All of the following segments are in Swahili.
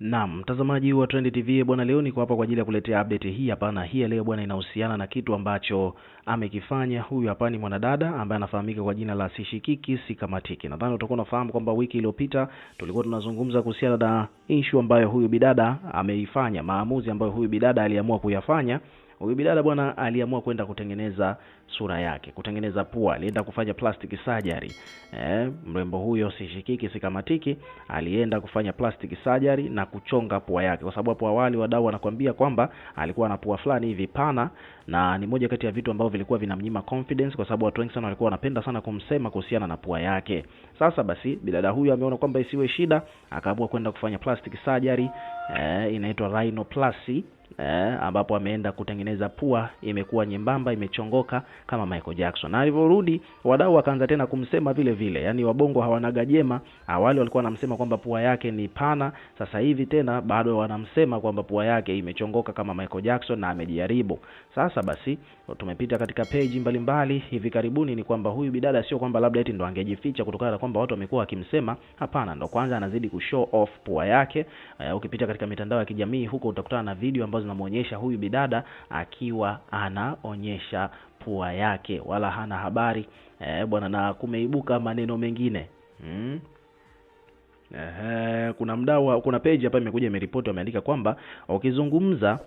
Naam, mtazamaji wa Trend TV bwana, leo niko hapa kwa ajili ya kuletea update hii hapa na hii leo bwana, inahusiana na kitu ambacho amekifanya huyu hapa. Ni mwanadada ambaye anafahamika kwa jina la Sishikiki Sikamatiki. Nadhani utakuwa unafahamu kwamba wiki iliyopita tulikuwa tunazungumza kuhusiana na issue ambayo huyu bidada ameifanya, maamuzi ambayo huyu bidada aliamua kuyafanya Huyu bidada bwana aliamua kwenda kutengeneza sura yake, kutengeneza pua, alienda kufanya plastic surgery. Eh, mrembo huyo sishikiki sikamatiki, alienda kufanya plastic surgery na kuchonga pua yake, kwa sababu hapo awali wadau wanakuambia kwamba alikuwa na pua fulani hivi pana, na ni moja kati ya vitu ambavyo vilikuwa vinamnyima confidence, kwa sababu watu wengi sana walikuwa wanapenda sana kumsema kuhusiana na pua yake. Sasa basi bidada huyo ameona kwamba isiwe shida, akaamua kwenda kufanya plastic surgery eh, inaitwa rhinoplasty eh, ambapo ameenda kutengeneza pua imekuwa nyembamba imechongoka kama Michael Jackson, na alivyorudi wadau wakaanza tena kumsema vile vile, yaani wabongo hawanaga jema. Awali walikuwa wanamsema kwamba pua yake ni pana, sasa hivi tena bado wanamsema kwamba pua yake imechongoka kama Michael Jackson na amejaribu. Sasa basi, tumepita katika peji mbalimbali hivi karibuni, ni kwamba huyu bidada sio kwamba labda eti ndo angejificha kutokana na kwamba watu wamekuwa wakimsema. Hapana, ndo kwanza anazidi kushow off pua yake. Eh, ukipita katika mitandao ya kijamii huko utakutana na video ambazo zinamwonyesha huyu bidada akiwa anaonyesha pua yake, wala hana habari eh, bwana, na kumeibuka maneno mengine hmm. Ehe, kuna mdau, kuna page hapa imekuja imeripoti, wameandika kwamba ukizungumza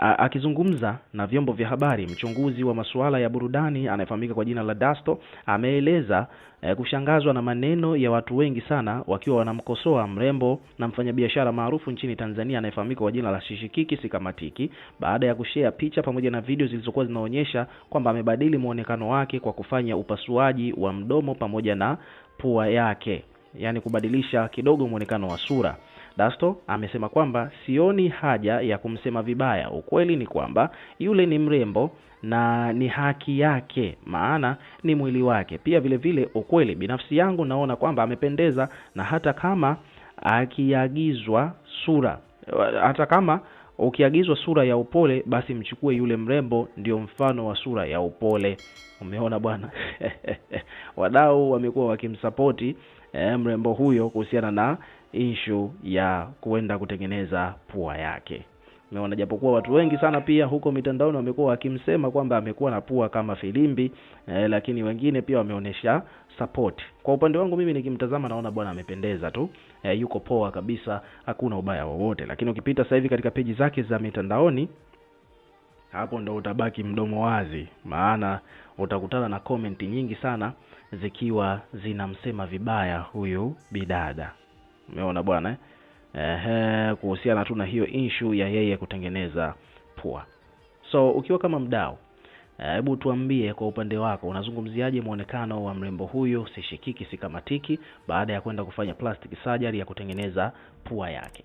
Akizungumza na vyombo vya habari, mchunguzi wa masuala ya burudani anayefahamika kwa jina la Dasto ameeleza eh, kushangazwa na maneno ya watu wengi sana wakiwa wanamkosoa mrembo na mfanyabiashara maarufu nchini Tanzania anayefahamika kwa jina la Shishikiki Sikamatiki baada ya kushea picha pamoja na video zilizokuwa zinaonyesha kwamba amebadili muonekano wake kwa kufanya upasuaji wa mdomo pamoja na pua yake, yaani kubadilisha kidogo muonekano wa sura. Dasto amesema kwamba sioni haja ya kumsema vibaya, ukweli ni kwamba yule ni mrembo na ni haki yake, maana ni mwili wake. Pia vile vile, ukweli binafsi yangu naona kwamba amependeza, na hata kama akiagizwa sura, hata kama ukiagizwa sura ya upole, basi mchukue yule mrembo, ndio mfano wa sura ya upole. Umeona bwana. Wadau wamekuwa wakimsapoti eh, mrembo huyo kuhusiana na ishu ya kuenda kutengeneza pua yake. Umeona, japokuwa watu wengi sana pia huko mitandaoni wamekuwa wakimsema kwamba amekuwa na pua kama filimbi eh, lakini wengine pia wameonyesha support. Kwa upande wangu mimi nikimtazama naona bwana amependeza tu eh, yuko poa kabisa, hakuna ubaya wowote. Lakini ukipita sasa hivi katika peji zake za mitandaoni hapo ndo utabaki mdomo wazi, maana utakutana na komenti nyingi sana zikiwa zinamsema vibaya huyu bidada. Umeona bwana eh? Kuhusiana tu na hiyo issue ya yeye kutengeneza pua. So ukiwa kama mdau, eh, hebu tuambie kwa upande wako unazungumziaje mwonekano wa mrembo huyu sishikiki sikamatiki baada ya kwenda kufanya plastic surgery ya kutengeneza pua yake?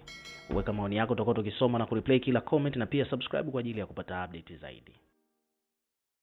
Uweka maoni yako, tutakuwa tukisoma na kureplay kila comment, na pia subscribe kwa ajili ya kupata update zaidi.